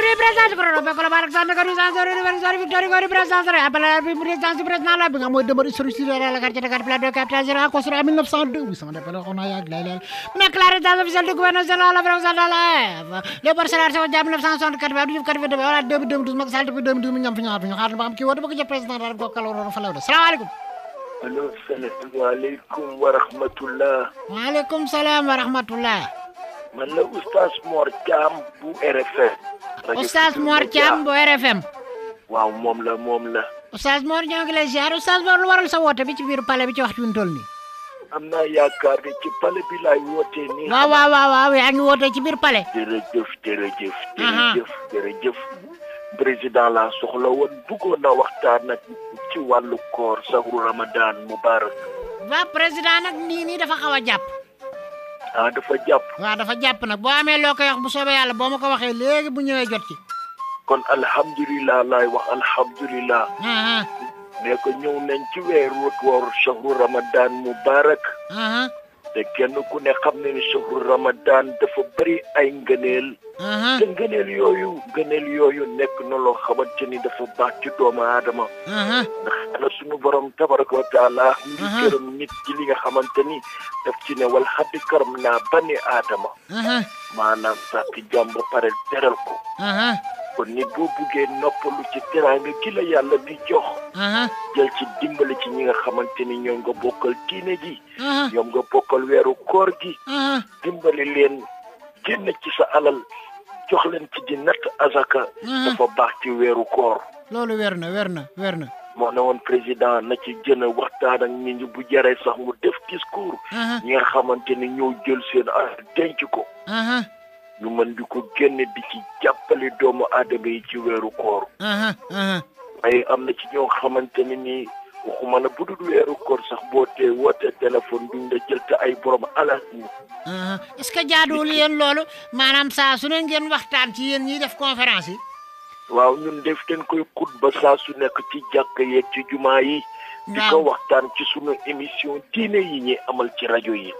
présidence bi Colobane ak Sandaga du sens réunion victoire du présidence rek après présidence du président la bi nga mooy demeure historique sur la carte de carte plateau capital général construit en 1902 oui sama defal on a yàgg lay lay mais la résidence officielle du gouverneur général la vraiment dans la le Barcelone c'est en 1964 ba du jëf 42 wala 2012 Macky Sall depuis 2012 ñam fi ñaar fi ñu xaar ba am kii woote ba ko jëf président daal gokkal woon fa law de salaamaaleykum allo salaamaaleykum wa rahmatullah waaleykum salaam wa rahmatullah man la oustaz Mor Thiam bu RFM Oustaz Mor Thiam bu RFM. waaw moom la moom la. Oustaz Mor ñoo ngi lay ziar Oustaz Mor lu waral sa woote bi ci biir pale bi ci waxtu bi mu toll nii. am naa yaakaar ne ci pale bi laay wootee nii. waaw waaw waaw yaa ngi wootee ci biir pale. jërëjëf jërëjëf. jërëjëf jërëjëf. président laa soxla woon bëggoon na waxtaan ak ci wàllu koor sahru ramadan mubarak. waa président nag nii nii dafa xaw a jàpp. ah dafa jàpp. waaw dafa jàpp nag boo amee loo koy wax bu soobee yàlla boo ma ko waxee léegi bu ñëwee jot ci. kon alhamdulilah laay wax alhamdulilah. Uh-huh. ne ko ñëw nañ ci weeru wooru shahru ramadan mubarak. Uh-huh. te kenn ku ne xam ne ni suhru ramadan dafa bari ay ngëneel te ngëneel yooyu ngëneel yooyu nekk na loo xamante ni dafa baax ci doomu aadama ndax ala suñu borom tabaraka wa ngi gërëm nit ci li nga xamante ni daf ci ne wal xaddi karam naa bani aadama maanaam sàkk jàmm pare teral ko kon nit boo buggee noppalu ci teraanga gi la yàlla di jox. jël ci dimbali ci ñi nga xamante ni ñoom nga bokkal diine ji. ñoom nga bokkal weeru koor gi. dimbali leen génn ci sa alal jox leen ci di natt azaka. dafa baax ci weeru koor. loolu weer na weer na weer na. moo ne woon président na ci gën a waxtaan ak nit ñi bu jaree sax mu def discours. ñi nga xamante ni ñoo jël seen alal denc ko. ñu mën di ko génn di ci jàppale doomu aadama yi ci weeru koor. waaye am na ci ñoo xamante ne nii waxuma na bu dul weeru koor sax boo tee woote téléphone duñ jël te ay borom alal yi. est-ce que jaaduwul yéen loolu maanaam saa su ne ngeen waxtaan ci yéen ñiy def conférence yi. waaw ñun def dañ koy kut ba saa su nekk ci jàkka yeeg ci jumaa yi. di ko waxtaan ci sunu émission diine yi ñuy amal ci rajo yi.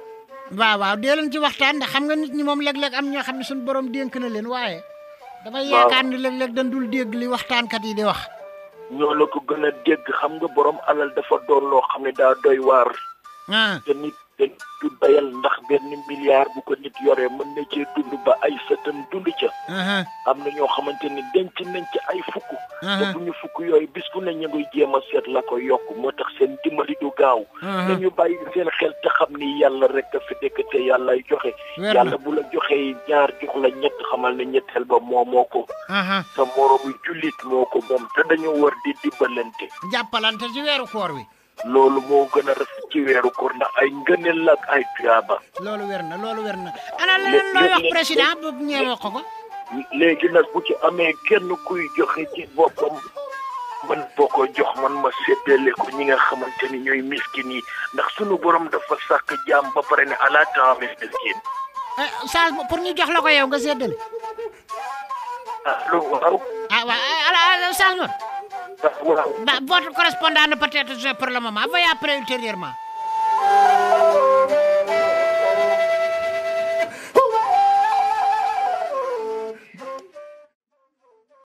waaw waaw dee leen ci waxtaan ndax xam nga nit ñi moom léeg-léeg am ñoo xam ne suñu borom dénk na leen waaye. damay yaakaar ni léeg-léeg dañ dul dégg li waxtaankat yi di wax. ñoo la ko gën a dégg xam nga borom alal dafa doon loo xam ne daa doy waar. te nit te nit du bayal ndax benn milliard bu ko nit yoree mën na cee dund ba ay sëtam dund ca. am na ñoo xamante ni denc nañ ci ay fukk. Uh-huh. bu ñu fukk yooyu bis bu na ñu ngi jéem a seet la ko yokk moo tax seen dimbali du gaaw dañu uh-huh. bàyyi seen xel te xam ni yàlla rek a fi dëkk te yàllay joxe yàlla bu la joxee ñaar jox la ñett xamal ne ñetteel ba moo moo ko uh-huh. sa moromu jullit moo ko moom te dañu war di dimbalante jàppalante ci weeru koor wi loolu moo gën a rafet ci weeru koor ndax ay ngëneel la ak ay tuyaaba loolu weer na loolu weer na ana leneen looy wax président bu ñëwee ko ko léegi nag bu ci amee kenn kuy joxe ci boppam man boo ko jox man ma séddale ko ñi nga xamante ni ñooy miskin yi ndax sunu borom dafa sàkk jaam ba pare ne ala taamil miskin Oustaz eh, pour ñu jox la ko yow nga séddale allo ah, waaw a ah, waaw Oustaz eh, Mor ah, votre correspondant ne peut être pour le moment veuillez appeler ultérieurement